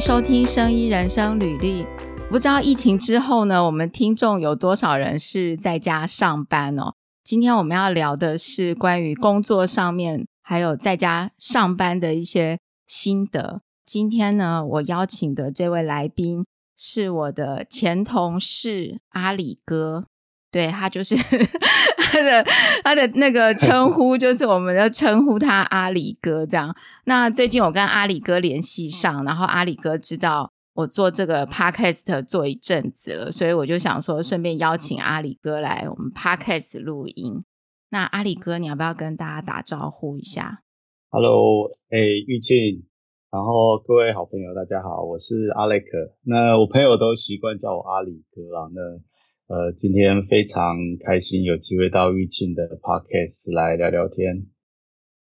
收聽《生醫人生旅歷》，不知道疫情之後呢，我們聽眾有多少人是在家上班哦？今天我們要聊的是關於工作上面，還有在家上班的一些心得。今天呢，我邀請的這位來賓是我的前同事阿里哥。對，他就是 他的他的那個稱呼，就是我們要稱呼他阿里哥這樣。那最近我跟阿里哥聯繫上，然後阿里哥知道我做這個 Podcast 做一陣子了，所以我就想說，順便邀請阿里哥來我們 Podcast 錄音。那阿里哥，你要不要跟大家打招呼一下？Hello，哎、欸，玉靜，然後各位好朋友，大家好，我是阿磊克。那我朋友都習慣叫我阿里哥了。那呃，今天非常開心有機會到 Yuchin 的 podcast 來聊聊天。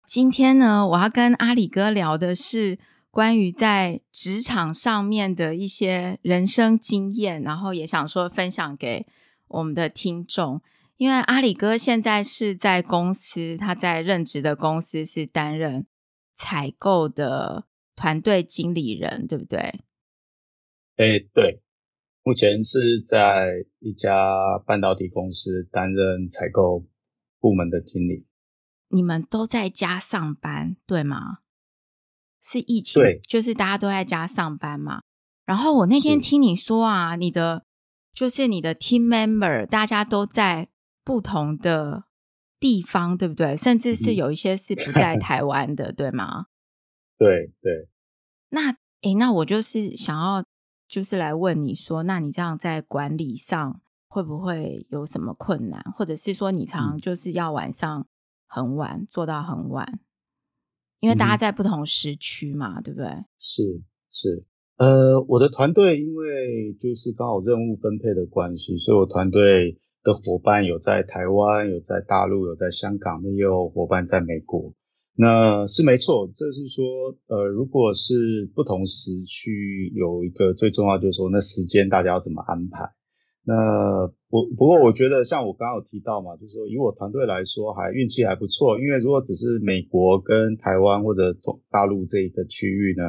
今天呢，我要跟阿里哥聊的是關於在職場上面的一些人生經驗，然後也想說分享給我們的聽眾。因為阿里哥現在是在公司，他在任職的公司是擔任採購的團隊經理人，對不對？哎、欸，對。目前是在一家半導體公司擔任採購部門的經理。你們都在家上班，對嗎？是疫情？對，就是大家都在家上班嘛。然後我那天聽你說啊，你的就是你的 team member，大家都在不同的地方，對不對？甚至是有一些是不在台灣的，嗯、 對嗎？對對。那誒、欸，那我就是想要。就是來問你說，那你這樣在管理上會不會有什麼困難？或者是說，你常常就是要晚上很晚做到很晚？因為大家在不同時區嘛，嗯、對不對？是是，呃，我的團隊因為就是剛好任務分配的關係，所以我團隊的夥伴有在台灣，有在大陸，有在香港，也有夥伴在美國。那是沒錯，這是說，呃，如果是不同時區有一個最重要，就是說，那時間大家要怎麼安排？那不不過，我覺得像我剛剛有提到嘛，就是說，以我團隊來說還，還運氣還不錯，因為如果只是美國跟台灣或者中國大陸這一個區域呢，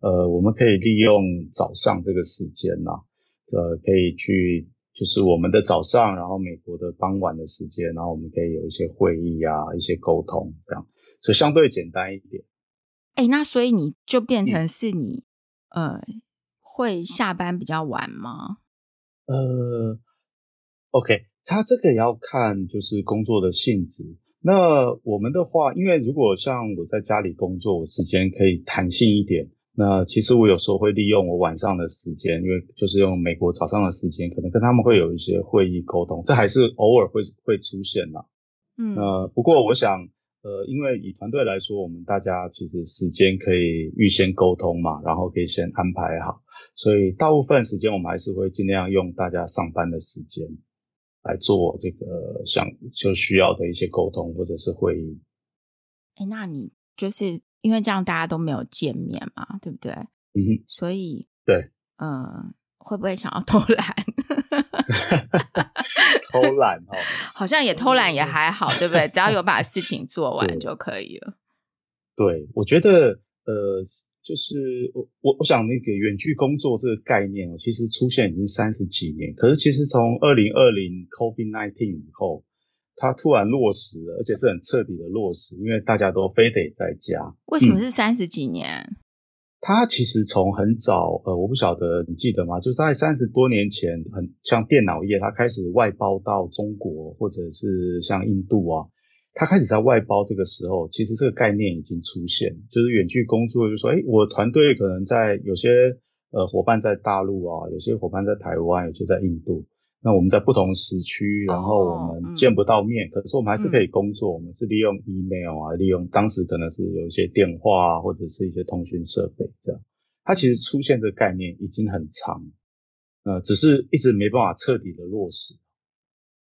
呃，我們可以利用早上這個時間呢、啊，呃，可以去。就是我們的早上，然後美國的傍晚的時間，然後我們可以有一些會議啊，一些溝通這樣，所以相對簡單一點。哎、欸，那所以你就變成是你、嗯，呃，會下班比較晚嗎？呃，OK，它這個也要看就是工作的性質。那我們的話，因為如果像我在家裡工作，我時間可以彈性一點。那其實我有時候會利用我晚上的時間，因為就是用美國早上的時間，可能跟他們會有一些會議溝通，這還是偶爾會會出現啦。嗯，呃，不過我想，呃，因為以團隊來說，我們大家其實時間可以預先溝通嘛，然後可以先安排好，所以大部分時間我們還是會盡量用大家上班的時間來做這個想就需要的一些溝通或者是會議。誒，那你就是？因為這樣大家都沒有見面嘛，對不對？嗯哼。所以對，呃，會不會想要偷懶？ 偷懶哦， 好像也偷懶也還好，對不對？只要有把事情做完就可以了。對，對我覺得呃，就是我我我想那個遠距工作這個概念，其實出現已經三十幾年，可是其實從二零二零 COVID nineteen 以後。它突然落實了，而且是很徹底的落實，因為大家都非得在家。為什麼是三十幾年？它、嗯、其實從很早，呃，我不曉得你記得嗎？就是在三十多年前，很像電腦業，它開始外包到中國或者是像印度啊，它開始在外包。這個時候，其實這個概念已經出現，就是遠距工作，就是說，哎，我團隊可能在有些呃夥伴在大陸啊，有些夥伴在台灣，有些在印度。那我們在不同時區，然後我們見不到面，哦嗯、可是我們還是可以工作。嗯、我們是利用 email 啊，利用當時可能是有一些電話啊，或者是一些通訊設備這樣。它其實出現這個概念已經很長，呃，只是一直沒辦法徹底的落實。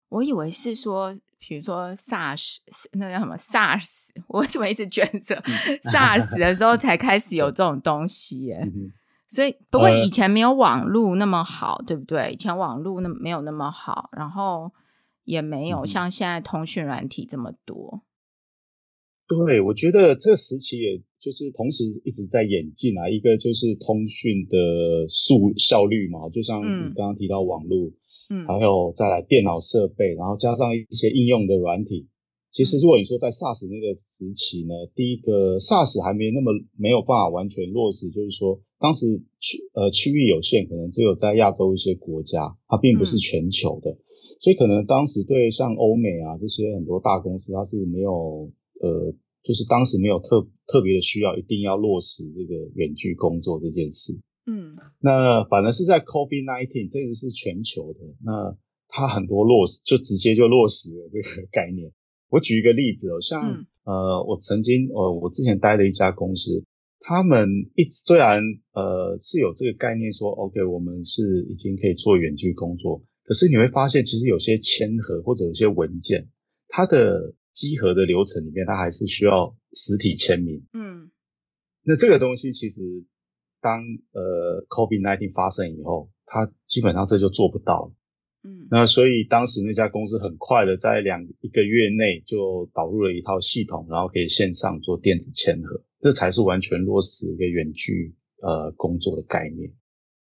我以為是說，比如說 SARS，那個叫什麼 SARS？我為什麼一直覺得、嗯、SARS 的時候才開始有這種東西耶？哎、嗯。 所以，不過以前沒有網路那麼好，嗯，對不對？以前網路那沒有那麼好，然後也沒有像現在通訊軟體這麼多。對，我覺得這個時期也就是同時一直在演進啊，一個就是通訊的速效率嘛，就像你剛剛提到網路，嗯，還有再來電腦設備，然後加上一些應用的軟體。其實，如果你說在 SARS 那個時期呢，嗯、第一個 SARS 還沒那麼沒有辦法完全落實，就是說當時區呃區域有限，可能只有在亞洲一些國家，它、啊、並不是全球的、嗯，所以可能當時對像歐美啊這些很多大公司，它是沒有呃，就是當時沒有特特別的需要，一定要落實這個遠距工作這件事。嗯，那反而是在 COVID nineteen 這個是全球的，那它很多落實就直接就落實了這個概念。我舉一個例子，像、嗯、呃，我曾經，呃，我之前待的一家公司，他們一雖然呃是有這個概念說，OK，我們是已經可以做遠距工作，可是你會發現，其實有些簽核或者有些文件，它的集合的流程裡面，它還是需要實體簽名。嗯，那這個東西其實當呃，COVID-19 發生以後，它基本上這就做不到了。嗯，那所以當時那家公司很快的在兩一個月內就導入了一套系統，然後可以線上做電子簽核，這才是完全落實一個遠距呃工作的概念。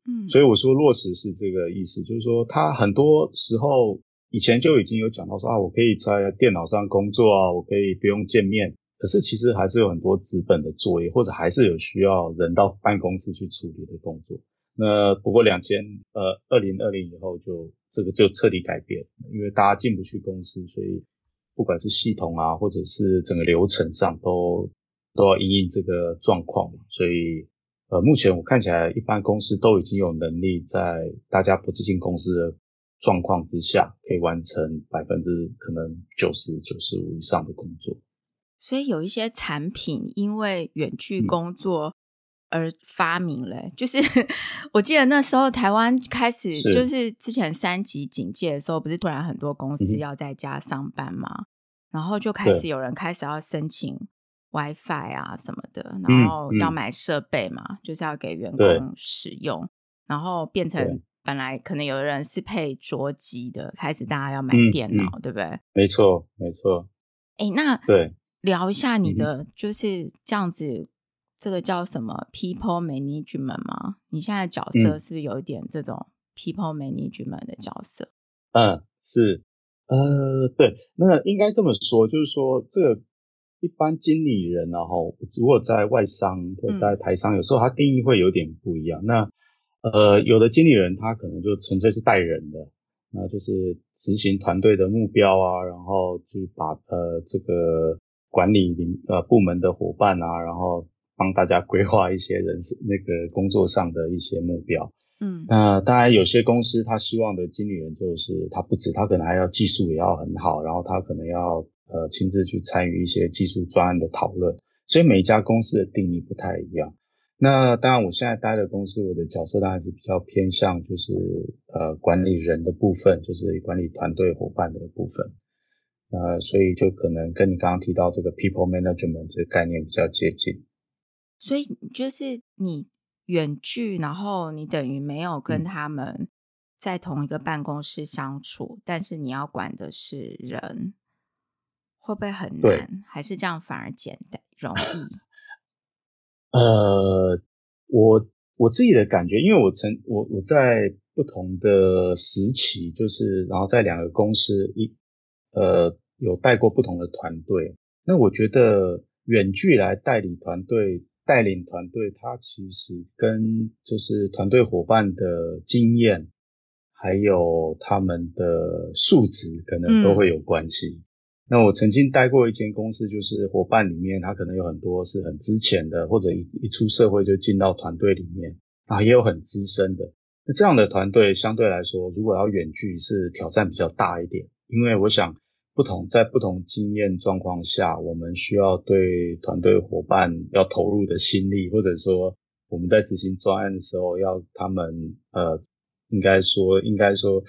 嗯，所以我說落實是這個意思，就是說他很多時候以前就已經有講到說啊，我可以在電腦上工作啊，我可以不用見面，可是其實還是有很多紙本的作業，或者還是有需要人到辦公室去處理的工作。那不過兩千呃，二零二零以後就這個就徹底改變，因為大家進不去公司，所以不管是系統啊，或者是整個流程上都，都都要因應這個狀況嘛。所以，呃，目前我看起來，一般公司都已經有能力在大家不自進公司的狀況之下，可以完成百分之可能九十九十五以上的工作。所以有一些產品因為遠距工作、嗯。而發明了，就是我記得那時候台灣開始，就是之前三級警戒的時候，不是突然很多公司要在家上班嘛？嗯，然後就開始有人開始要申請 WiFi 啊什麼的，然後要買設備嘛，嗯嗯，就是要給員工使用，嗯，然後變成本來可能有的人是配桌機的，開始大家要買電腦，嗯嗯，對不對？沒錯，沒錯。哎，欸，那對，聊一下你的就是這樣子。這個叫什麼？People management 嗎？你現在角色是不是有一點這種 People management 的角色？嗯，是，呃，對，那應該這麼說，就是說，這個一般經理人，啊，然後如果在外商或在台商，嗯，有時候他定義會有點不一樣。那呃，有的經理人他可能就純粹是帶人的，那就是執行團隊的目標啊，然後去把呃這個管理領呃部門的伙伴啊，然後。幫大家規劃一些人生，那個工作上的一些目標，嗯，那、呃、當然有些公司他希望的經理人就是他不止他可能還要技術也要很好，然後他可能要呃親自去參與一些技術專案的討論，所以每一家公司的定義不太一樣。那當然我現在待的公司我的角色當然是比較偏向就是呃管理人的部分，就是管理團隊夥伴的部分，呃所以就可能跟你剛剛提到這個 people management 這個概念比較接近。所以就是你遠距，然後你等於沒有跟他們在同一個辦公室相處，嗯，但是你要管的是人，會不會很難？還是這樣反而簡單容易？呃，我我自己的感覺，因為我曾我我在不同的時期，就是然後在兩個公司，一呃有帶過不同的團隊，那我覺得遠距來帶領團隊。帶領團隊，他其實跟就是團隊夥伴的經驗，還有他們的素質，可能都會有關係。嗯。那我曾經待過一間公司，就是夥伴裡面，他可能有很多是很資淺的，或者一一出社會就進到團隊裡面啊，也有很資深的。那這樣的團隊相對來說，如果要遠距，是挑戰比較大一點，因為我想。不同，在不同經驗狀況下，我們需要對團隊夥伴要投入的心力，或者說我們在執行專案的時候，要他們呃，應該說應該說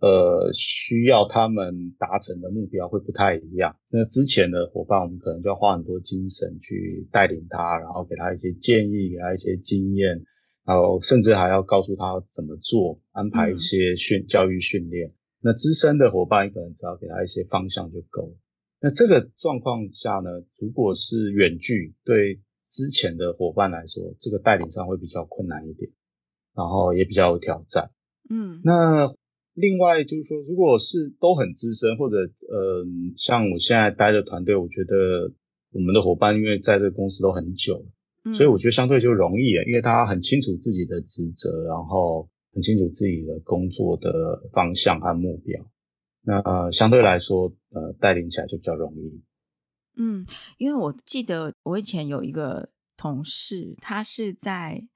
呃，需要他們達成的目標會不太一樣。那之前的夥伴，我們可能就要花很多精神去帶領他，然後給他一些建議，給他一些經驗，然後甚至還要告訴他怎麼做，安排一些訓，教育訓練。嗯那資深的夥伴，可能只要給他一些方向就夠了。那這個狀況下呢，如果是遠距，對之前的夥伴來說，這個帶領上會比較困難一點，然後也比較有挑戰。嗯，那另外就是說，如果是都很資深，或者嗯、呃、像我現在待的團隊，我覺得我們的夥伴因為在這個公司都很久，所以我覺得相對就容易了，因為他很清楚自己的職責，然後。很清楚自己的工作的方向和目標，那呃相對來說，呃帶領起來就比較容易。嗯，因為我記得我以前有一個同事，他是在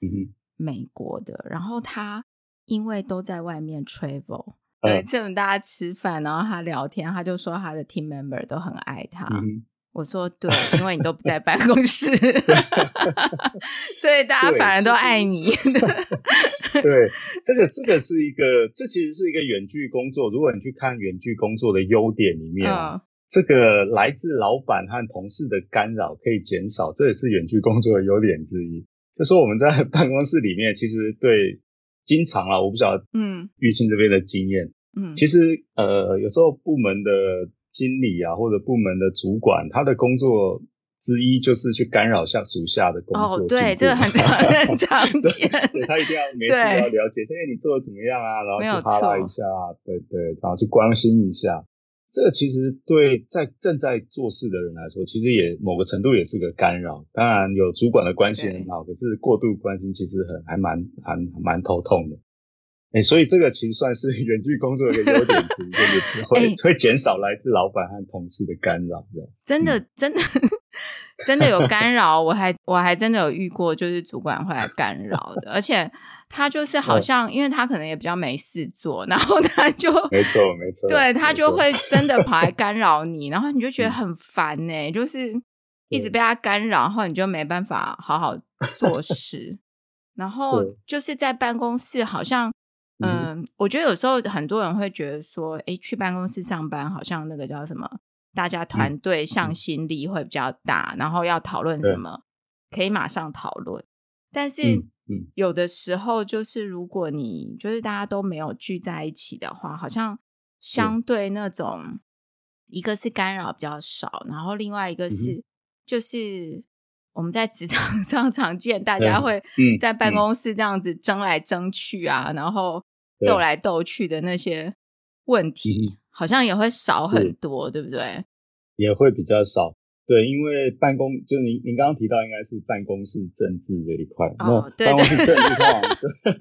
美國的，嗯、然後他因為都在外面 travel，每次我們大家吃飯，然後他聊天，他就說他的 team member 都很愛他。嗯我說對，因為你都不在辦公室， 所以大家反而都愛你。對， 對，這個是 這個是一個，這其實是一個遠距工作。如果你去看遠距工作的優點裡面，哦，這個來自老闆和同事的干擾可以減少，這也是遠距工作的優點之一。就說我們在辦公室裡面，其實對，經常啊，我不曉得，嗯，玉清這邊的經驗，嗯，其實呃，有時候部門的。經理啊，或者部門的主管，他的工作之一就是去干擾下屬下的工作。哦，對，對，這很、個、很常見， 很常見 對。他一定要沒事要了解，哎，你做的怎麼樣啊？然後哈啦一下，對對，然後去關心一下。這其實對在正在做事的人來說，其實也某個程度也是個干擾。當然，有主管的關心很好，可是過度關心其實很還蠻還蠻頭痛的。哎、欸，所以這個其實算是遠距工作的優點之、 欸就是、會會減少來自老闆和同事的干擾的。真的，真的，嗯、 真的有干擾。我還我還真的有遇過，就是主管會來干擾的， 而且他就是好像、嗯，因為他可能也比較沒事做，然後他就沒錯沒錯，對他就會真的跑來干擾你， 然後你就覺得很煩呢、欸，就是一直被他干擾，然後你就沒辦法好好做事， 然後就是在辦公室好像。嗯，嗯，我覺得有時候很多人會覺得說，誒，去辦公室上班好像那個叫什麼，大家團隊向心力會比較大，嗯、然後要討論什麼可以馬上討論。但是、嗯嗯、有的時候就是如果你就是大家都沒有聚在一起的話，好像相對那種、嗯、一個是干擾比較少，然後另外一個是、嗯、就是。我們在職場上常見，大家會在辦公室這樣子爭來爭去啊，嗯嗯、然後鬥來鬥去的那些問題、嗯，好像也會少很多，對不對？也會比較少，對，因為辦公就是您您剛剛提到，應該是辦公室政治這一塊、哦。哦，對，辦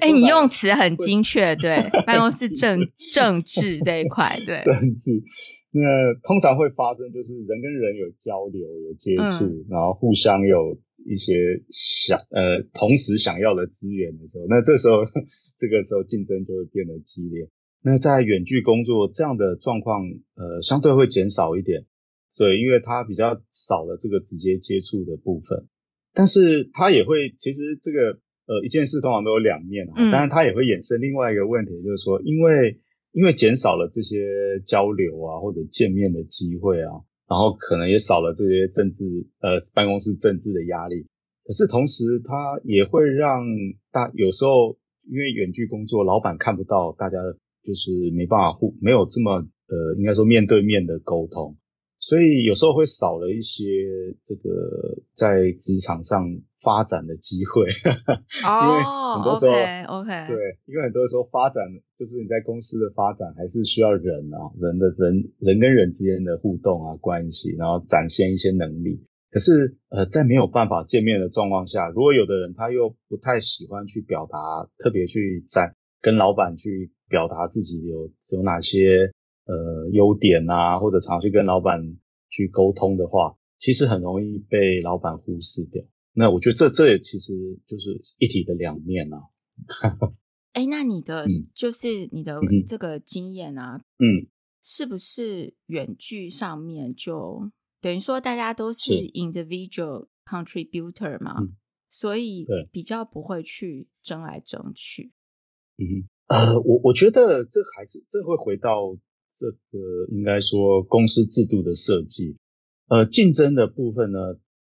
哎，你用詞很精確，對，辦公室政 政治這一塊，對，政治。那通常會發生，就是人跟人有交流、有接觸，嗯、然後互相有一些想呃，同時想要的資源的時候，那這時候這個時候競爭就會變得激烈。那在遠距工作這樣的狀況，呃，相對會減少一點，所以因為它比較少了這個直接接觸的部分，但是它也會其實這個呃一件事通常都有兩面啊，當、嗯、然它也會衍生另外一個問題，就是說因為。因為減少了這些交流啊，或者見面的機會啊，然後可能也少了這些政治呃辦公室政治的壓力。可是同時，它也會讓大有時候因為遠距工作，老闆看不到大家，就是沒辦法互沒有這麼呃，應該說面對面的溝通。所以有時候會少了一些這個在職場上發展的機會，因為很多時候，OK，對，okay，因為很多時候發展就是你在公司的發展還是需要人啊，人的人人跟人之間的互動啊，關係，然後展現一些能力。可是呃，在沒有辦法見面的狀況下，如果有的人他又不太喜歡去表達，特別去展跟老闆去表達自己有有哪些。呃，優點啊，或者常，常去跟老闆去溝通的話，其實很容易被老闆忽視掉。那我覺得這這也其實就是一體的兩面啊。哎 欸，那你的、嗯、就是你的這個經驗啊，嗯，是不是遠距上面就等於說大家都是 individual contributor 嘛、嗯？所以比較不會去爭來爭去、嗯。嗯，呃，我我覺得這還是這會回到。這個應該說公司制度的設計，呃，競爭的部分呢，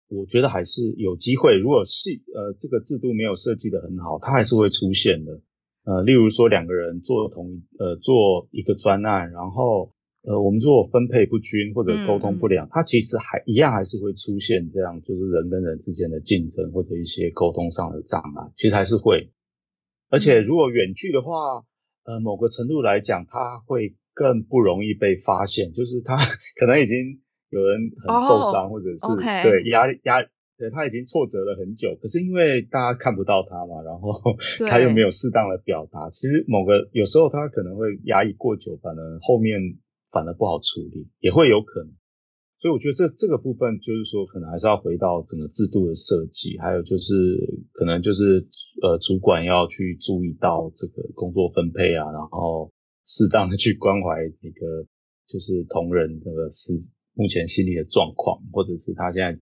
我覺得還是有機會。如果是呃，這個制度沒有設計的很好，它還是會出現的。呃，例如說，兩個人做同一呃做一個專案，然後呃，我們如果分配不均或者溝通不良，嗯嗯，它其實還一樣還是會出現這樣，就是人跟人之間的競爭或者一些溝通上的障礙，其實還是會。而且如果遠距的話，呃，某個程度來講，它會。更不容易被發現，就是他可能已經有人很受傷，oh, 或者是、okay. 對壓壓，對他已經挫折了很久。可是因為大家看不到他嘛，然後他又沒有適當的表達，其實某個有時候他可能會壓抑過久，反而後面反而不好處理，也會有可能。所以我覺得這這個部分就是說，可能還是要回到整個制度的設計，還有就是可能就是呃，主管要去注意到這個工作分配啊，然後。適當的去關懷那個就是同仁的，是目前心理的狀況，或者是他現在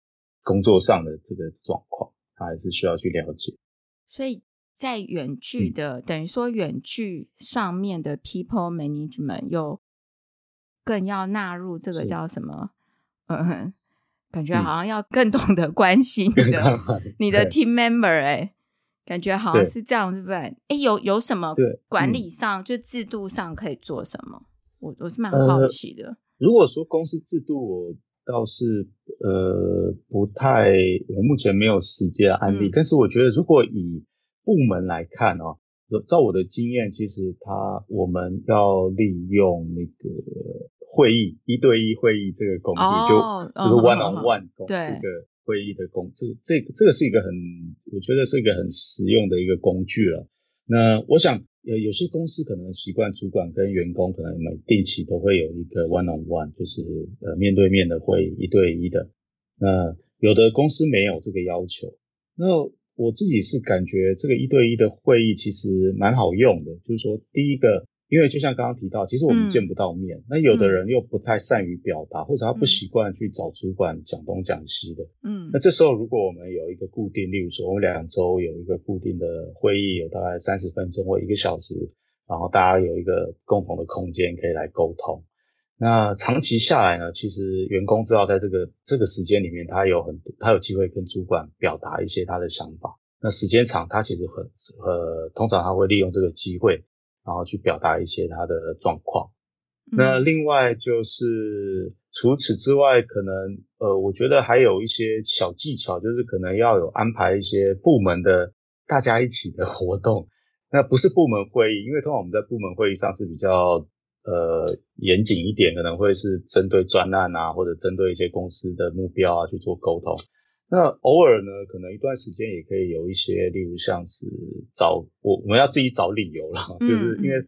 工作上的這個狀況，他還是需要去了解。所以在遠距的、嗯、等於說遠距上面的 people management 又更要納入這個叫什麼？嗯，感覺好像要更懂得關心你的你的 team member 哎、嗯。欸感覺好像是這樣，對是不對？哎、欸，有有什麼管理上對、嗯、就制度上可以做什麼？我我是蠻好奇的、呃。如果說公司制度，我倒是呃不太，我目前沒有實際案例。但是我覺得，如果以部門來看啊、哦，照我的經驗，其實他我們要利用那個會議一對一會議這個工具，哦、就就是 one on one，對。會議的工，這個、這個、這個是一個很，我覺得是一個很實用的一個工具了、啊。那我想，有有些公司可能習慣主管跟員工可能每定期都會有一個 one on one，就是呃面對面的會議，一對一的。那有的公司沒有這個要求。那我自己是感覺這個一對一的會議其實蠻好用的，就是說第一個。因為就像剛剛提到，其實我們見不到面，嗯、那有的人又不太善於表達、嗯，或者他不習慣去找主管講東講西的。嗯，那這時候如果我們有一個固定，例如說我們兩周有一個固定的會議，有大概三十分鐘或一個小時，然後大家有一個共同的空間可以來溝通。那長期下來呢，其實員工知道在這個這個時間裡面，他有很多，他有機會跟主管表達一些他的想法。那時間長，他其實很呃，通常他會利用這個機會。然後去表達一些他的狀況，那另外就是除此之外，可能呃，我覺得還有一些小技巧，就是可能要有安排一些部門的大家一起的活動，那不是部門會議，因為通常我們在部門會議上是比較呃嚴謹一點，可能會是針對專案啊，或者針對一些公司的目標啊去做溝通。那偶爾呢，可能一段時間也可以有一些，例如像是找我，我們要自己找理由了，嗯，就是因為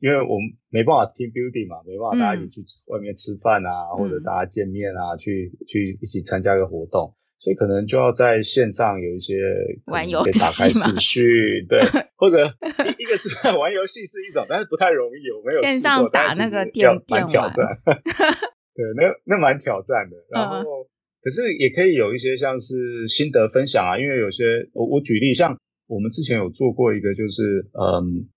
因為我們沒辦法 team building 嘛，沒辦法大家一起去外面吃飯啊，嗯，或者大家見面啊，去去一起參加一個活動，嗯，所以可能就要在線上有一些可能可以打開視訊，玩遊戲嘛，對，或者一,一個是玩遊戲是一種，但是不太容易，我沒有線上打那個電電玩，對，那那蠻挑戰的，然後。 可是也可以有一些像是心得分享啊，因為有些我我舉例，像我們之前有做過一個，就是嗯，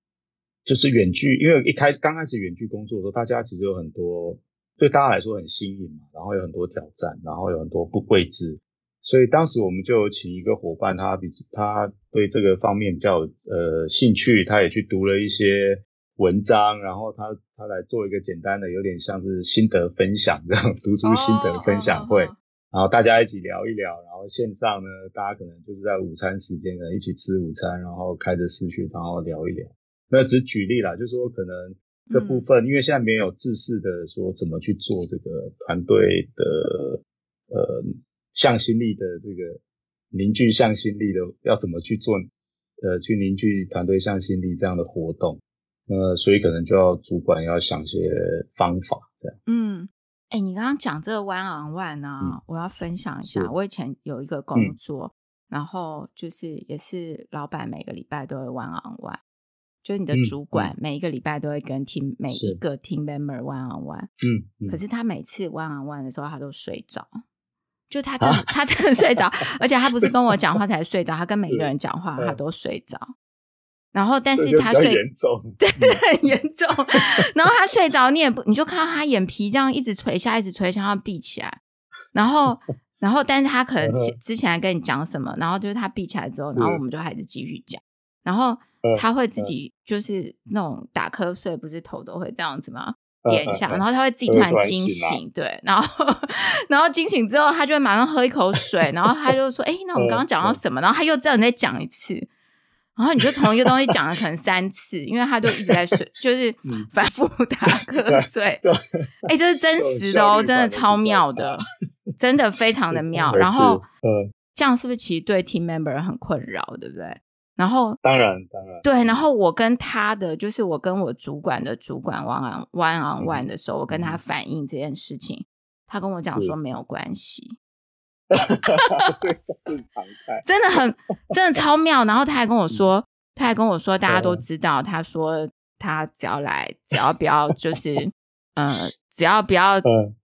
就是遠距，因為一開始剛開始遠距工作的時候，大家其實有很多對大家來說很新穎嘛，然後有很多挑戰，然後有很多不未知，所以當時我們就請一個夥伴他，他比他對這個方面比較有呃興趣，他也去讀了一些文章，然後他他來做一個簡單的，有點像是心得分享這樣，讀書心得分享會。Oh, oh, oh, oh, oh. 然後大家一起聊一聊，然後線上呢，大家可能就是在午餐時間呢，可能一起吃午餐，然後開着視訊，然後聊一聊。那只舉例啦，就是說可能這部分，嗯、因為現在沒有制式的說怎麼去做這個團隊的呃向心力的這個凝聚向心力的，要怎麼去做呃去凝聚團隊向心力這樣的活動，呃，所以可能就要主管要想些方法這樣。嗯。哎、欸，你剛剛講這個 one on one 呢，我要分享一下。我以前有一個工作，嗯，然後就是也是老闆每個禮拜都會 one on one，就是你的主管每一個禮拜都會跟 team，嗯、每一個 team member one on one。嗯，可是他每次 one on one 的時候，他都睡着。嗯、就他真的，啊、他真的睡着， 而且他不是跟我講話才睡着， 他跟每一個人講話，他都睡着。然後，但是他睡，對對，對，很嚴重。 然後他睡着，你也不，你就看到他眼皮這樣一直垂下，一直垂，想要閉起來。然後，然後，但是他可能之前還跟你講什麼，然後就是他閉起來之後，然後我們就還是繼續講。然後他會自己就是那種打瞌睡，不是頭都會這樣子嗎？點一下，然後他會自己突然驚醒，對，然後然後驚醒之後，他就會馬上喝一口水，然後他就說：“哎，那我們剛剛講到什麼？”然後他又這樣，你再講一次。然後你就同一個東西講了可能三次， 因為他都一直在睡， 就是反、嗯、複打瞌睡。哎、 欸，這是真實的哦，真的超妙的， 真的非常的妙。然後，呃，這樣是不是其實對 team member 很困擾，對不對？然後當然當然，對。然後我跟他的就是我跟我主管的主管 one on one on one 的時候、嗯，我跟他反映這件事情，他跟我講說沒有關係。 真的很，真的超妙。然後他還跟我說，嗯、他還跟我說，大家都知道。他說他只要來，只要不要就是，嗯、 呃，只要不要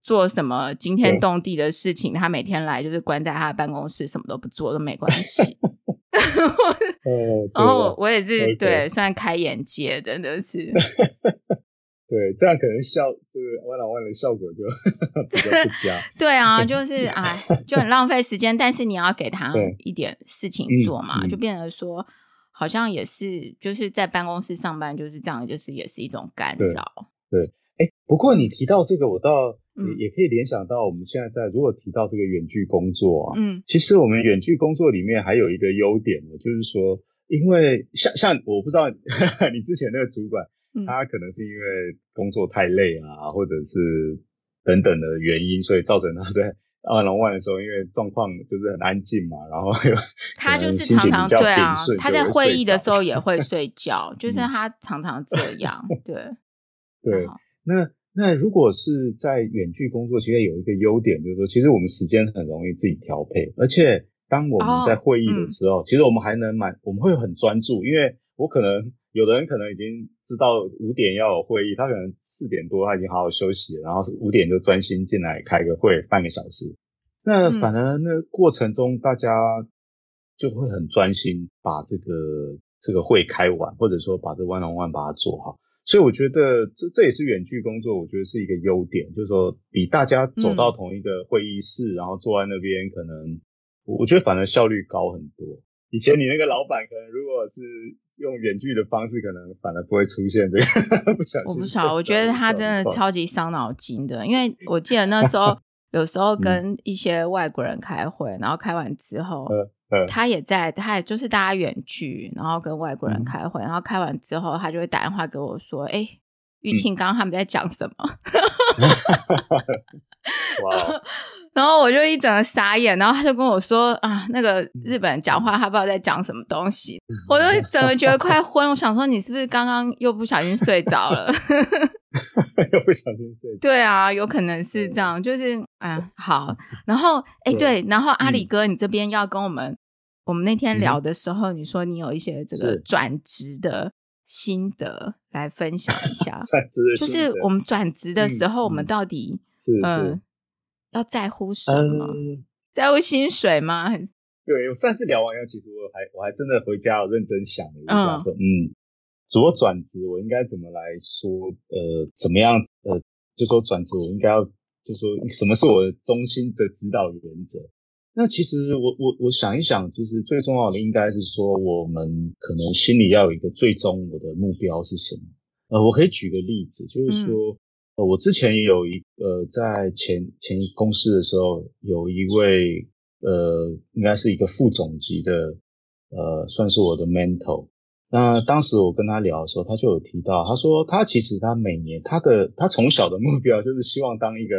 做什麼驚天動地的事情、嗯，他每天來就是關在他的辦公室，什麼都不做都沒關係、 嗯。然後我，我也是對，對，算開眼界，真的是。 對，這樣可能效這個彎老彎的效果就呵呵比較不佳。 對啊，就是啊， 就很浪費時間。但是你要給他一點事情做嘛，就變得說好像也是就是在辦公室上班就是這樣，就是也是一種干擾。對，哎、欸，不過你提到這個，我倒也、嗯、也可以聯想到我們現在在如果提到這個遠距工作啊，嗯，其實我們遠距工作裡面還有一個優點呢，就是說，因為像像我不知道你， 你之前那個主管。他可能是因為工作太累啊，或者是等等的原因，所以造成他在二樓外的時候，因為狀況就是很安靜嘛，然後就他就是常常對啊，他在會議的時候也會睡覺， 就是他常常這樣，對 對。嗯、那那如果是在遠距工作，其實有一個優點就是說，其實我們時間很容易自己調配，而且當我們在會議的時候，哦、其實我們還能蠻、嗯，我們會很專注，因為我可能。有的人可能已經知道五點要有會議，他可能四點多他已經好好休息，然後是五點就專心進來開個會半個小時。那反而那過程中、嗯、大家就會很專心把這個這個會開完，或者說把這 one on one 把它做好。所以我覺得這這也是遠距工作，我覺得是一個優點，就是說比大家走到同一個會議室，嗯、然後坐在那邊，可能我，我覺得反而效率高很多。以前你那個老闆可能如果是。用遠距的方式，可能反而不會出現這個。對 不，我不曉得，我覺得他真的超級傷腦筋的，因為我記得那時候 有時候跟一些外國人開會，然後開完之後，嗯、他也在，他也就是大家遠距，然後跟外國人開會，嗯，然後開完之後，他就會打電話給我說：“哎、欸，玉慶剛剛他們在講什麼？”嗯、 哇。然後我就一整個傻眼，然後他就跟我說：“啊，那個日本人講話，嗯、他不知道在講什麼東西。嗯”我就整個覺得快昏。 我想說，你是不是剛剛又不小心睡着了？ 又不小心睡着。對啊，有可能是這樣。就是，嗯，好。然後，哎、欸，對，然後阿里哥、嗯，你這邊要跟我們，我們那天聊的時候、嗯，你說你有一些這個轉職的心得來分享一下。 轉職的心得就是我們轉職的時候，嗯、我們到底是嗯。呃要在乎什麼、呃？在乎薪水嗎？對，我上次聊完以後，其實我還我還真的回家，我認真想了一下，說：“嗯，嗯、如果轉職，我應該怎麼來說？呃，怎麼樣？呃，就說轉職，我應該要就說什麼是我的中心的指導原則？那其實我我我想一想，其實、就是、最重要的應該是說，我們可能心裡要有一個最終我的目標是什麼？呃，我可以舉個例子，就是說。嗯我之前也有一呃，在前前公司的時候，有一位呃，應該是一個副總級的，呃，算是我的 mentor。那當時我跟他聊的時候，他就有提到，他說他其實他每年他的他從小的目標就是希望當一個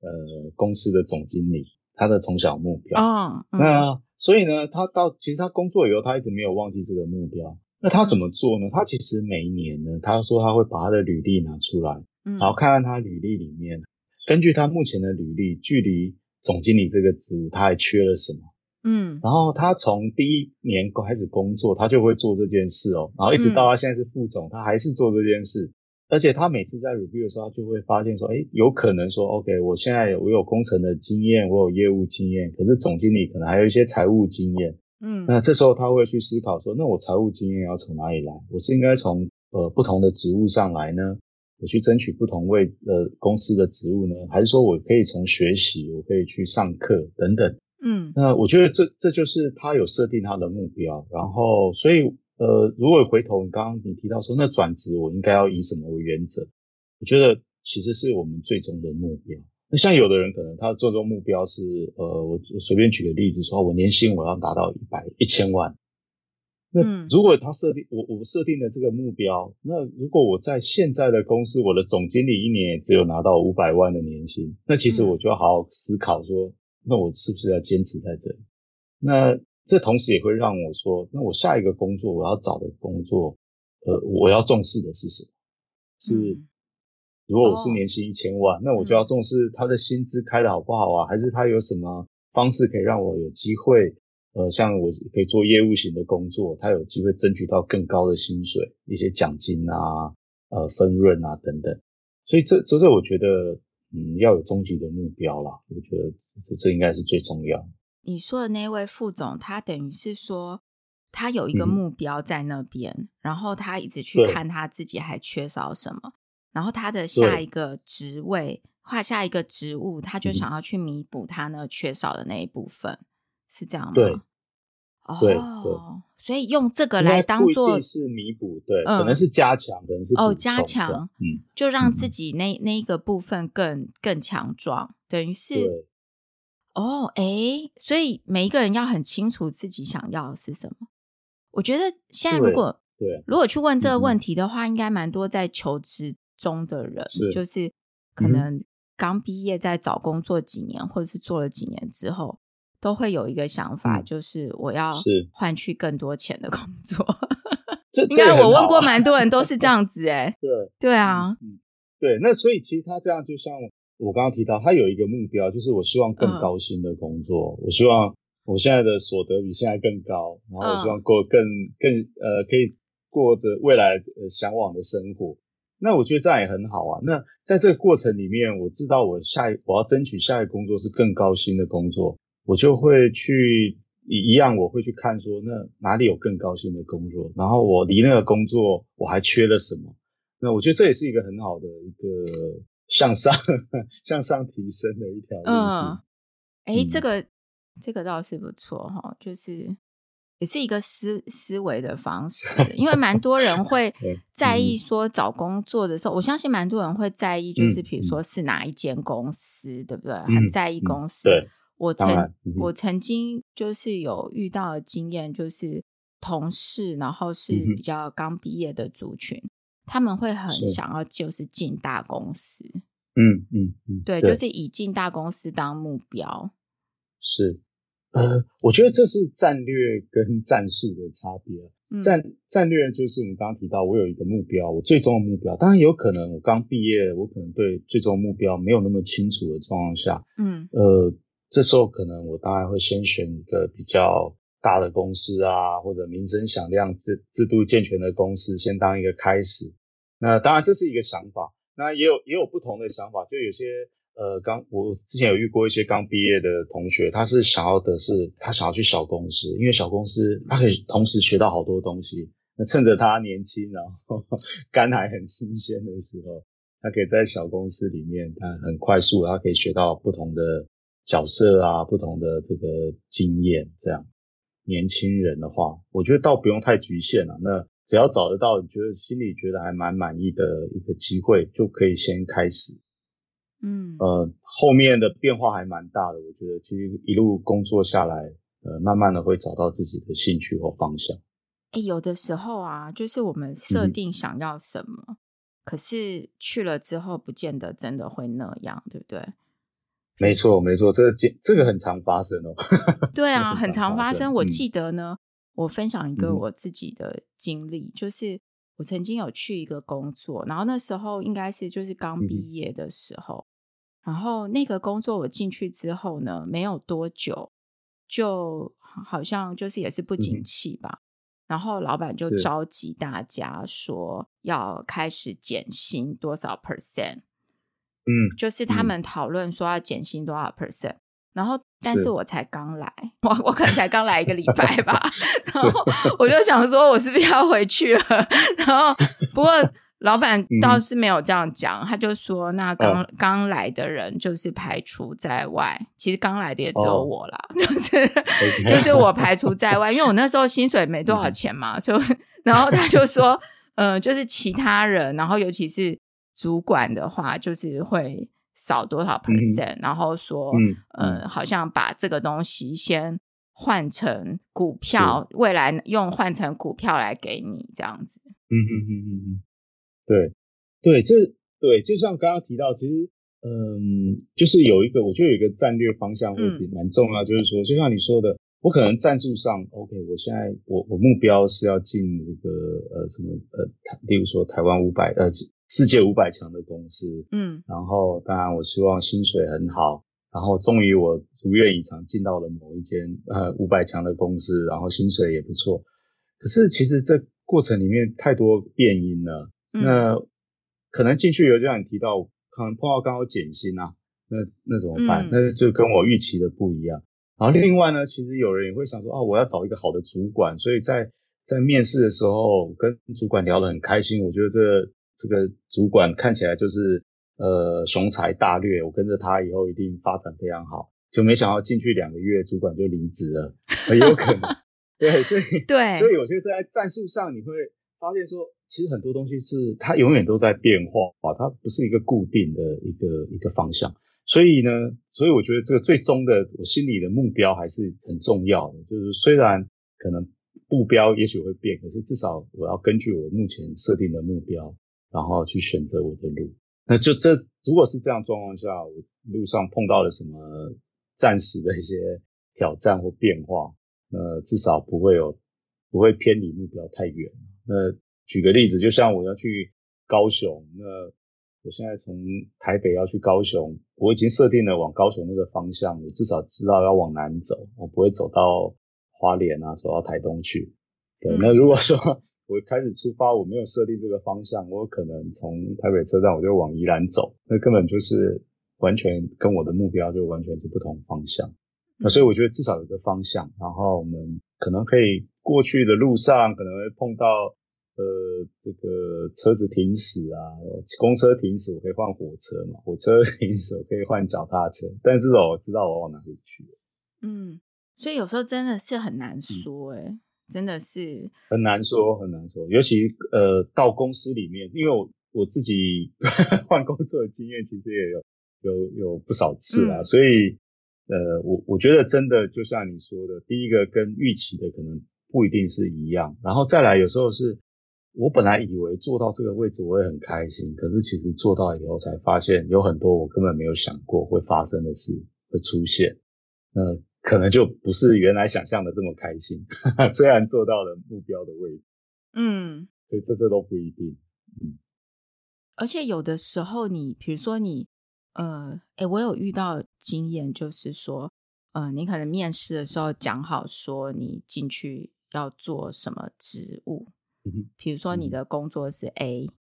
呃公司的總經理，他的從小目標啊。Oh, um. 那所以呢，他到其實他工作以後，他一直沒有忘記這個目標。那他怎麼做呢？他其實每一年呢，他說他會把他的履歷拿出來，嗯、然後看看他履歷裡面，根據他目前的履歷，距離總經理這個職務他還缺了什麼。嗯，然後他從第一年開始工作，他就會做這件事哦，然後一直到他現在是副總，嗯、他還是做這件事。而且他每次在 review 的時候，他就會發現說，哎，有可能說，OK，我現在我有工程的經驗，我有業務經驗，可是總經理可能還有一些財務經驗。嗯，那這時候他會去思考說，那我財務經驗要從哪裡來？我是應該從呃不同的職務上來呢？我去爭取不同位的呃公司的職務呢？還是說我可以從學習，我可以去上課等等？嗯，那我覺得這這就是他有設定他的目標，然後所以呃，如果回頭你剛剛你提到說，那轉職我應該要以什麼為原則？我覺得其實是我們最終的目標。那像有的人可能他的最終目標是，呃，我隨便舉個例子說，我年薪我要達到一百，一千萬。那如果他設定，嗯，我我設定了這個目標，那如果我在現在的公司，我的總經理一年也只有拿到五百萬的年薪，那其實我就要好好思考說，那我是不是要堅持在這裡？那這同時也會讓我說，那我下一個工作我要找的工作，呃，我要重視的是什麼？是。嗯如果我是年薪一千萬，oh. 那我就要重視他的薪資開的好不好啊、嗯？還是他有什麼方式可以讓我有機會，呃，像我可以做業務型的工作，他有機會爭取到更高的薪水、一些獎金啊、呃，分潤啊等等。所以這這這，我覺得，嗯，要有終極的目標啦，我覺得這這應該是最重要。你說的那位副總，他等於是說他有一個目標在那邊、嗯，然後他一直去看他自己還缺少什麼。然後他的下一個職位，換下一個職務，他就想要去彌補他呢、嗯、缺少的那一部分，是這樣嗎？對，哦，對，對，所以用這個來當做是彌補，對、嗯，可能是加強，可能是哦，加強，就讓自己那那一個部分更更強壯、嗯，等於是，哦，哎，所以每一個人要很清楚自己想要的是什麼。我覺得現在如果對，對，如果去問這個問題的話，嗯、應該蠻多在求職。中的人是就是可能剛畢業在找工作幾年、嗯，或者是做了幾年之後，都會有一個想法，嗯、就是我要是換取更多錢的工作。 這應該我問過蠻多人都是這樣子哎、欸。 對對啊、嗯，對。那所以其實他這樣，就像我剛剛提到，他有一個目標，就是我希望更高薪的工作、嗯，我希望我現在的所得比現在更高，然後我希望過更、嗯、更，更呃可以過着未來呃嚮往的生活。那我覺得這樣也很好啊。那在這個過程裡面，我知道我下一我要爭取下一個工作是更高薪的工作，我就會去一樣，我會去看說，那哪裡有更高薪的工作，然後我離那個工作我還缺了什麼？那我覺得這也是一個很好的一個向上向上提升的一條路。嗯，誒，這個這個倒是不錯哈，就是。也是一個思思維的方式，因為蠻多人會在意說找工作的時候，我相信蠻多人會在意，就是比如說是哪一間公司，對不對？很在意公司。對，我曾我曾經就是有遇到的經驗，就是同事，然後是比較剛畢業的族群，他們會很想要就是進大公司。嗯嗯嗯，對，就是以進大公司當目標，是。呃，我覺得這是戰略跟戰術的差別。嗯、戰戰略就是我們剛剛提到，我有一個目標，我最終的目標。當然，有可能我剛畢業，我可能對最終的目標沒有那麼清楚的狀況下，嗯，呃，這時候可能我當然會先選一個比較大的公司啊，或者名聲響亮、制制度健全的公司，先當一個開始。那當然這是一個想法，那也有也有不同的想法，就有些。呃，剛我之前有遇過一些剛畢業的同學，他是想要的是他想要去小公司，因為小公司他可以同時學到好多東西。那趁着他年輕，然後肝還很新鮮的時候，他可以在小公司裡面，他很快速，他可以學到不同的角色啊，不同的這個經驗。這樣年輕人的話，我覺得倒不用太局限了。那只要找得到，你覺得心裡覺得還蠻滿意的一個機會，就可以先開始。嗯，呃，後面的變化還蠻大的。我覺得其實一路工作下來，呃，慢慢的會找到自己的興趣和方向。哎、欸，有的時候啊，就是我們設定想要什麼，嗯、可是去了之後，不見得真的會那樣，對不對？沒錯，沒錯，這這這個很常發生哦。 對啊，很常發生、嗯。我記得呢，我分享一個我自己的經歷、嗯，就是我曾經有去一個工作，然後那時候應該是就是剛畢業的時候。嗯然後那個工作我進去之後呢，沒有多久，就好像就是也是不景氣吧。嗯、然後老闆就召集大家說要開始減薪多少 percent。嗯，就是他們討論說要減薪多少 percent。然後，但是我才剛來，我我可能才剛來一個禮拜吧。 然後我就想說，我是不是要回去了？然後，不過。老闆倒是沒有這樣講，嗯、他就說：“那剛、uh, 剛來的人就是排除在外。其實剛來的也只有我啦，oh. 就是、okay. 就是我排除在外，因為我那時候薪水沒多少錢嘛。嗯、所以，然後他就說：‘ 嗯，就是其他人，然後尤其是主管的話，就是會少多少 percent 嗯嗯。然後說嗯嗯：‘嗯，好像把這個東西先換成股票，未來用換成股票來給你這樣子。’嗯嗯嗯嗯。”對，對，這對，就像剛剛提到，其實，嗯，就是有一個，我覺得有一個戰略方向會比蠻重要，嗯，就是說，就像你說的，我可能戰術上，OK，我現在我我目標是要進這個呃什麼呃台，例如說台灣五百呃世界五百強的公司，嗯，然後當然我希望薪水很好，然後終於我如願以償進到了某一間呃五百強的公司，然後薪水也不錯，可是其實這過程裡面太多變因了。嗯、那可能進去有這你提到，可能碰到剛好減薪啊，那那怎麼辦？嗯、那就跟我預期的不一樣。然後另外呢，其實有人也會想說啊、哦，我要找一個好的主管，所以在在面試的時候跟主管聊得很開心，我覺得這個、這個主管看起來就是呃雄才大略，我跟着他以後一定發展非常好。就沒想到進去兩個月，主管就離職了，很有可能。 對，所以對，所以我覺得在戰術上你會。發現說，其實很多東西是它永遠都在變化，啊，它不是一個固定的一個一個方向。所以呢，所以我覺得這個最終的我心裡的目標還是很重要的。就是雖然可能目標也許會變，可是至少我要根據我目前設定的目標，然後去選擇我的路。那就這如果是這樣狀況下，我路上碰到了什麼暫時的一些挑戰或變化，呃，至少不會有不會偏離目標太遠。那舉個例子，就像我要去高雄，那我現在從台北要去高雄，我已經設定了往高雄那個方向，我至少知道要往南走，我不會走到花蓮啊，走到台東去。對，那如果說我開始出發，我沒有設定這個方向，我可能從台北車站我就往宜蘭走，那根本就是完全跟我的目標就完全是不同方向。嗯、所以我覺得至少有個方向，然後我們可能可以過去的路上可能會碰到呃這個車子停駛啊，公車停駛，我可以換火車嘛，火車停駛我可以換腳踏車，但至少我知道我往哪裡去。嗯，所以有時候真的是很難說、欸，誒、嗯、真的是很難說很難說，尤其呃到公司裡面，因為我我自己換 工作的經驗其實也有有有，有不少次啦、啊嗯。所以。呃，我我覺得真的就像你說的，第一個跟預期的可能不一定是一樣。然後再來，有時候是我本來以為做到這個位置我會很開心，可是其實做到以後才發現，有很多我根本沒有想過會發生的事會出現。那、呃、可能就不是原來想象的這麼開心，哈哈，雖然做到了目標的位置。嗯，所以這這都不一定。嗯，而且有的時候你，你比如說你。呃，誒、欸，我有遇到經驗，就是說，嗯、呃，你可能面試的時候講好說你進去要做什麼職務，比如說你的工作是 A，嗯，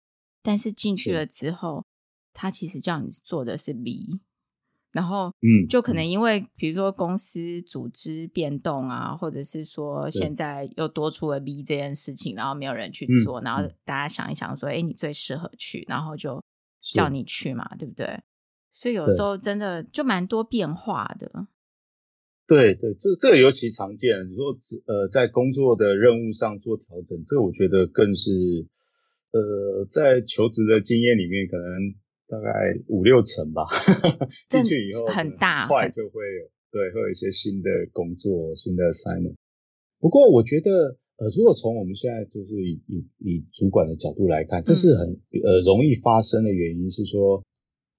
但是進去了之後，嗯，他其實叫你做的是 B，然後，嗯，就可能因為比如說公司組織變動啊，或者是說現在又多出了 B 這件事情，然後沒有人去做，嗯，嗯，然後大家想一想說，誒、欸，你最適合去，然後就叫你去嘛，對不對？所以有時候真的就蠻多變化的，對對，這這尤其常見。如果只呃在工作的任務上做調整，這我覺得更是呃在求職的經驗裡面可能大概五六成吧。 進去以後很大，快就會有，很很對，會有一些新的工作、新的 assignment。不過我覺得呃，如果從我們現在就是以以以主管的角度來看，這是很呃容易發生的原因是說。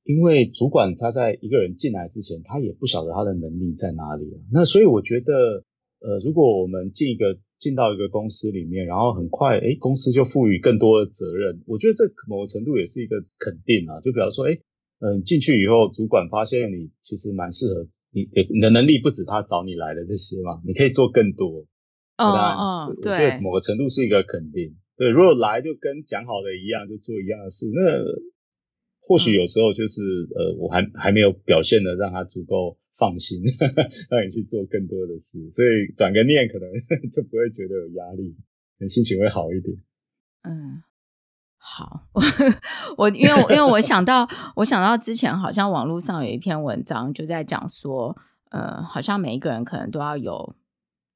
因為主管他在一個人進來之前，他也不曉得他的能力在哪裡啊。那所以我覺得，呃，如果我們進一個進到一個公司裡面，然後很快，誒，公司就賦予更多的責任，我覺得這某個程度也是一個肯定啊。就比方說，誒，嗯、呃，進去以後，主管發現你其實蠻適合，你，你的能力不止他找你來的這些嘛，你可以做更多。哦哦哦，對，某個程度是一個肯定。對，如果來就跟講好的一樣，就做一樣的事，那。或許有時候就是、嗯、呃，我還還沒有表現的讓他足夠放心， 讓你去做更多的事，所以轉個念，可能就不會覺得有壓力，你心情會好一點。嗯，好， 我我因為因為我想到 我想到之前好像網絡上有一篇文章就在講說，呃，好像每一個人可能都要有，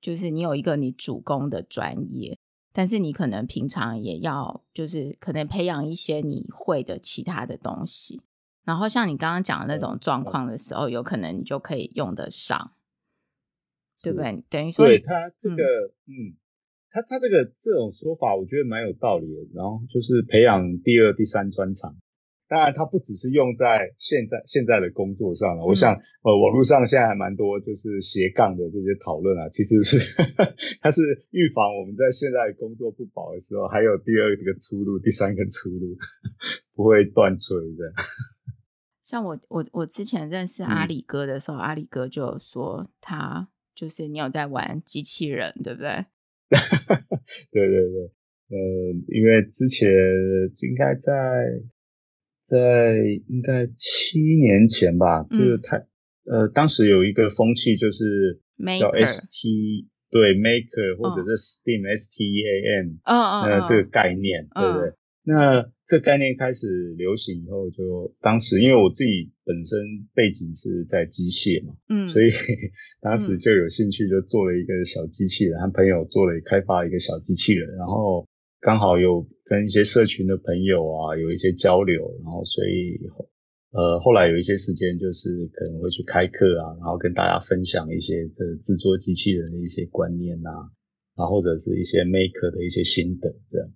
就是你有一個你主攻的專業。但是你可能平常也要，就是可能培養一些你會的其他的東西，然後像你剛剛講的那種狀況的時候，嗯、有可能你就可以用得上，嗯、對不對？等於說，所以他這個，嗯，嗯他他這個這種說法，我覺得蠻有道理的。然後就是培養第二、嗯、第三專長。當然，它不只是用在現在現在的工作上了。我想、嗯，呃，網絡上現在還蠻多，就是斜槓的這些討論啊，其實是它是預防我們在現在工作不保的時候，還有第二個出路，第三個出路不會斷炊的。像我我我之前認識阿里哥的時候，嗯、阿里哥就有說，他就是你有在玩機器人，對不對？ 對對對，嗯、呃，因為之前應該在。在應該七年前吧，嗯、就是他呃，當時有一個風氣，就是叫 S T 對 Maker 或者是 Steam S、哦、T E、呃、A M、哦、這個概念，哦、對不對、哦？那這概念開始流行以後，就當時因為我自己本身背景是在機械嘛，嗯，所以當時就有興趣就做了一個小機器人，嗯、和朋友做了開發一個小機器人，然後。剛好有跟一些社群的朋友啊，有一些交流，然後所以，呃，後來有一些時間，就是可能會去開課啊，然後跟大家分享一些這製作機器人的一些觀念啊，啊，或者是一些 maker 的一些心得這樣。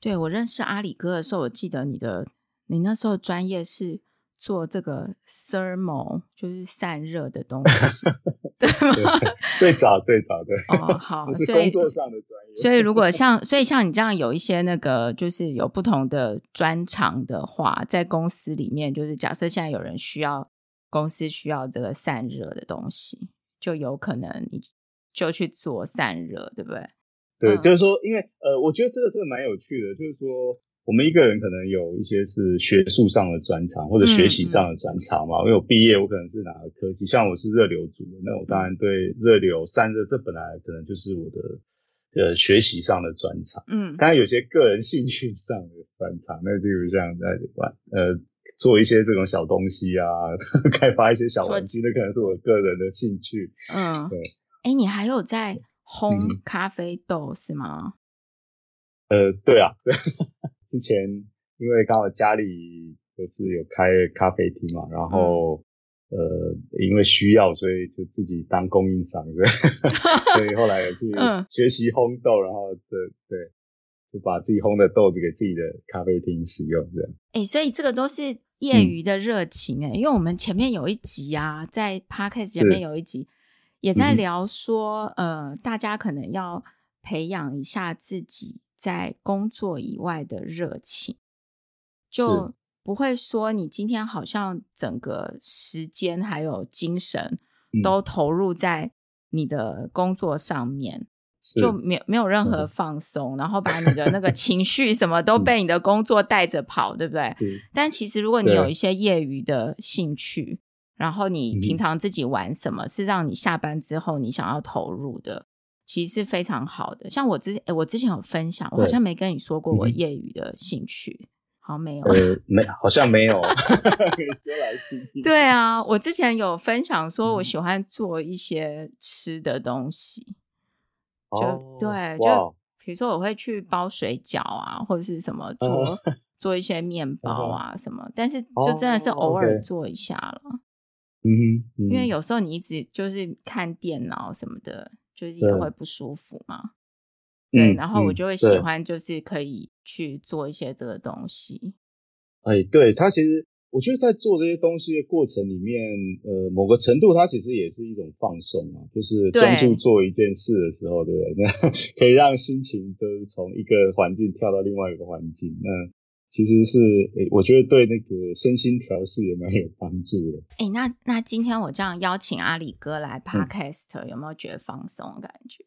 對，我認識阿里哥的時候，我記得你的，你那時候專業是。做這個 thermal 就是散熱的東西， 對嗎？對，最早最早的，oh, 好， 是工作上的專業。所以如果像，所以像你這樣有一些那個，就是有不同的專長的話，在公司裡面，就是假設現在有人需要公司需要這個散熱的東西，就有可能你就去做散熱，對不對？對，嗯，就是說，因為呃，我覺得這個真的蠻有趣的，就是說。我們一個人可能有一些是學術上的專長，或者學習上的專長嘛。嗯、因為我畢業，我可能是哪個科技，像我是熱流組，那我當然對熱流、散熱這本來可能就是我的呃、這個、學習上的專長。嗯，當然有些個人興趣上的專長，那就比如像在玩呃做一些這種小東西啊，開發一些小玩具，那可能是我個人的興趣。嗯，對。哎，你還有在烘咖啡豆、嗯、是嗎？呃，對啊。對之前因為剛好家裡就是有開咖啡廳嘛，然後、嗯、呃，因為需要，所以就自己當供應商，對。 所以後來也去學習烘豆，嗯、然後對對，就把自己烘的豆子給自己的咖啡廳使用，這樣。哎、欸，所以這個都是業餘的熱情哎、欸嗯，因為我們前面有一集啊，在 podcast 前面有一集也在聊說、嗯，呃，大家可能要培養一下自己。在工作以外的熱情，就不會說你今天好像整個時間還有精神都投入在你的工作上面，嗯、就沒沒有任何放鬆、嗯，然後把你的那個情緒什麼都被你的工作帶着跑、嗯，對不對？但其實如果你有一些業餘的興趣，然後你平常自己玩什麼，是讓你下班之後你想要投入的。其實是非常好的，像我之前……誒，我之前有分享，我好像沒跟你說過我業餘的興趣，好像沒有，呃，沒，好像沒有， 對啊，我之前有分享說，我喜歡做一些吃的東西，嗯、就、oh, 對，wow. 就比如說我會去包水餃啊，或者是什麼做、oh. 做一些麵包啊什麼，oh. 但是就真的是偶爾做一下了。嗯哼，因為有時候你一直就是看電腦什麼的。就是也會不舒服嘛，對，對嗯、對然後我就會喜歡，就是可以去做一些這個東西。哎、嗯，對，它其實我覺得在做這些東西的過程裡面，呃，某個程度它其實也是一種放鬆嘛，就是專注做一件事的時候，對不對？那可以讓心情就是從一個環境跳到另外一個環境，那。其實是誒、欸，我覺得對那個身心調試也蠻有幫助的。哎、欸，那那今天我這樣邀請阿里哥來 Podcast、嗯、有沒有覺得放鬆感覺？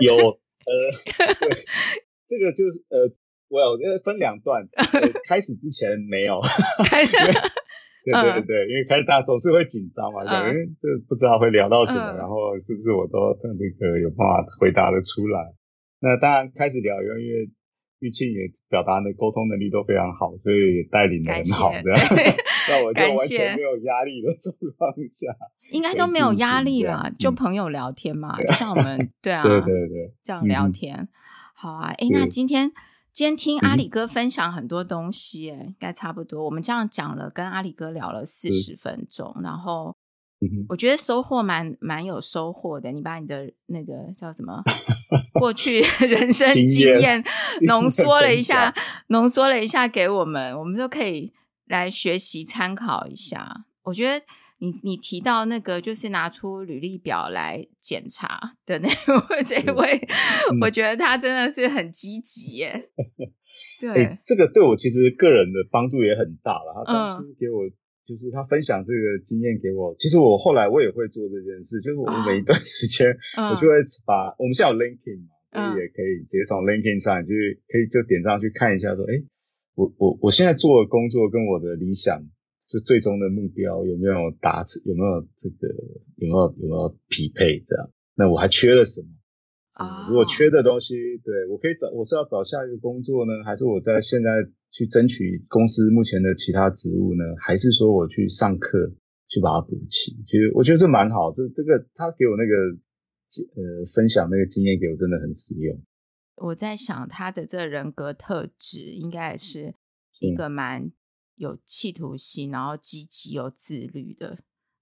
有，呃，這個就是呃，我有，覺分兩段，呃、 開始之前沒有，開 始，對對對對、 嗯，因為開始大家總是會緊張嘛、嗯，因為這不知道會聊到什麼，嗯、然後是不是我都那個有辦法回答得出來、嗯？那當然開始聊因，因為。玉慶也表達的溝通能力都非常好，所以也帶領的很好的。在 我就完全沒有壓力的狀況下， 應該都沒有壓力了，就朋友聊天嘛，像我們對啊，對對對，這樣聊天、嗯、好啊。哎、欸，那今天今天聽阿里哥分享很多東西、欸，哎，應該差不多。我們這樣講了，跟阿里哥聊了四十分鐘，然後。 我覺得收穫蠻蠻有收穫的，你把你的那個叫什麼 過去人生經驗濃縮了一下 經，濃縮了一下給我們，我們都可以來學習參考一下。我覺得你你提到那個就是拿出履歷表來檢查的那 位這位、嗯，我覺得他真的是很積極耶。對，欸、這個對我其實個人的幫助也很大了。他當初給我。就是他分享這個經驗給我，其實我後來我也會做這件事。就是我們每一段時間，我就會把，啊、我們現在有 LinkedIn 嘛，所，啊、以也可以直接從 LinkedIn 上去，可以就點上去看一下說，說哎，我我我現在做的工作跟我的理想，就最終的目標有沒有達成，有沒有這個有沒有有沒有匹配這樣？那我還缺了什麼？啊、oh.！如果缺的東西，對我可以找，我是要找下一個工作呢？還是我在現在去爭取公司目前的其他職務呢？還是說我去上課去把它補齊？其實我覺得這蠻好，這這個他給我那個呃分享那個經驗給我真的很實用。我在想他的這個人格特質應該是一個蠻有企圖心，然後積極又自律的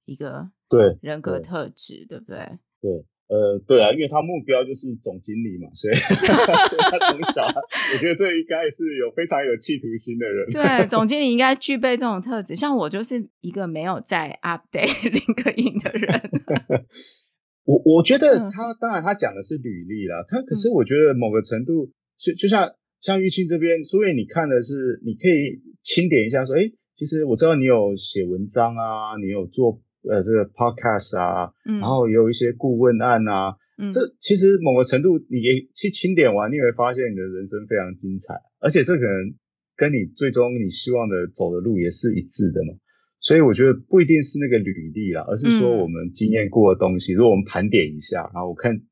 一個對人格特質，對對，對不對？對。呃，對啊，因為他目標就是總經理嘛，所以， 所以他從小， 我覺得這應該是有非常有企圖心的人。 對，總經理應該具備這種特質。 像我就是一個沒有在 update LinkedIn 的人。 我我覺得他、嗯、當然他講的是履歷啦、嗯，他可是我覺得某個程度，就、嗯、就像像玉清這邊，蘇葉你看的是，你可以清點一下說，哎，其實我知道你有寫文章啊，你有做。呃，這個 podcast 啊，嗯、然後也有一些顧問案啊，嗯、這其實某個程度，你也去清點完，你會發現你的人生非常精彩，而且這可能跟你最終你希望的走的路也是一致的嘛。所以我覺得不一定是那個履歷啦，而是說我們經驗過的東西，嗯、如果我們盤點一下，然後我看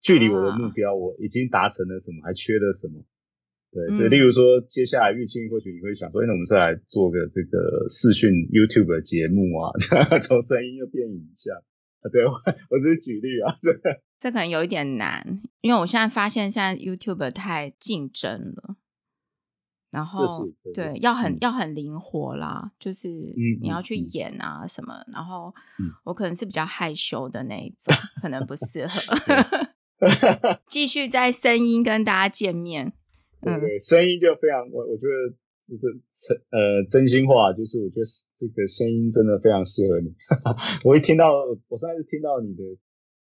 距離我的目標，我已經達成了什麼，哦、還缺了什麼。對，所以例如說，接下來玉清或許你會想說，說、嗯、那我們是來做個這個視訊 YouTube 的節目啊，從聲音又變影像啊。對，我是，是舉例啊，這個這可能有一點難，因為我現在發現現在 YouTube 太競爭了，然後是是對，對，對，對要很要很靈活啦，就是你要去演啊什麼，嗯嗯、然後我可能是比較害羞的那一種、嗯，可能不適合繼 續在聲音跟大家見面。對對、嗯，聲音就非常，我我覺得這是真呃真心話，就是我覺得這個聲音真的非常適合你。 我一聽到我上次聽到你的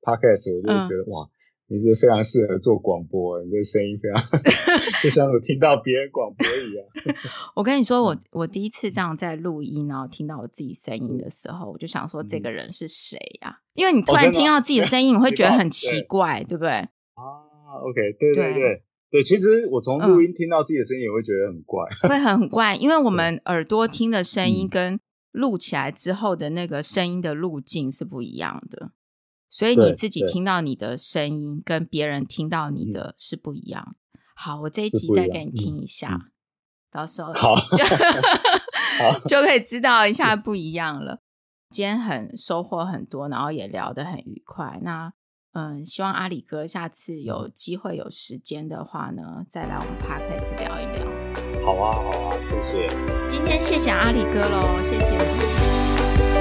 podcast，我就覺得、嗯、哇，你是非常適合做廣播，你這聲音非常， 就像我聽到別人廣播一樣。 我跟你說，我我第一次這樣在錄音，然後聽到我自己聲音的時候，我就想說這個人是誰呀、啊嗯？因為你突然聽到自己的聲音，哦、 你、你、你會覺得很奇怪，對，對不對？啊，OK，對對對。對對，其實我從錄音聽到自己的聲音也會覺得很怪。嗯，會很怪，因為我們耳朵聽的聲音跟錄起來之後的那個聲音的路徑是不一樣的，所以你自己聽到你的聲音跟別人聽到你的是不一樣。好，我這一集再給你聽一下，到時候好，就 好 就可以知道一下不一樣了。今天很收穫很多，然後也聊得很愉快。那。嗯，希望阿里哥下次有機會有時間的話呢，再來我們 podcast 聊一聊。好啊，好啊，謝謝。今天謝謝阿里哥嘍，謝謝。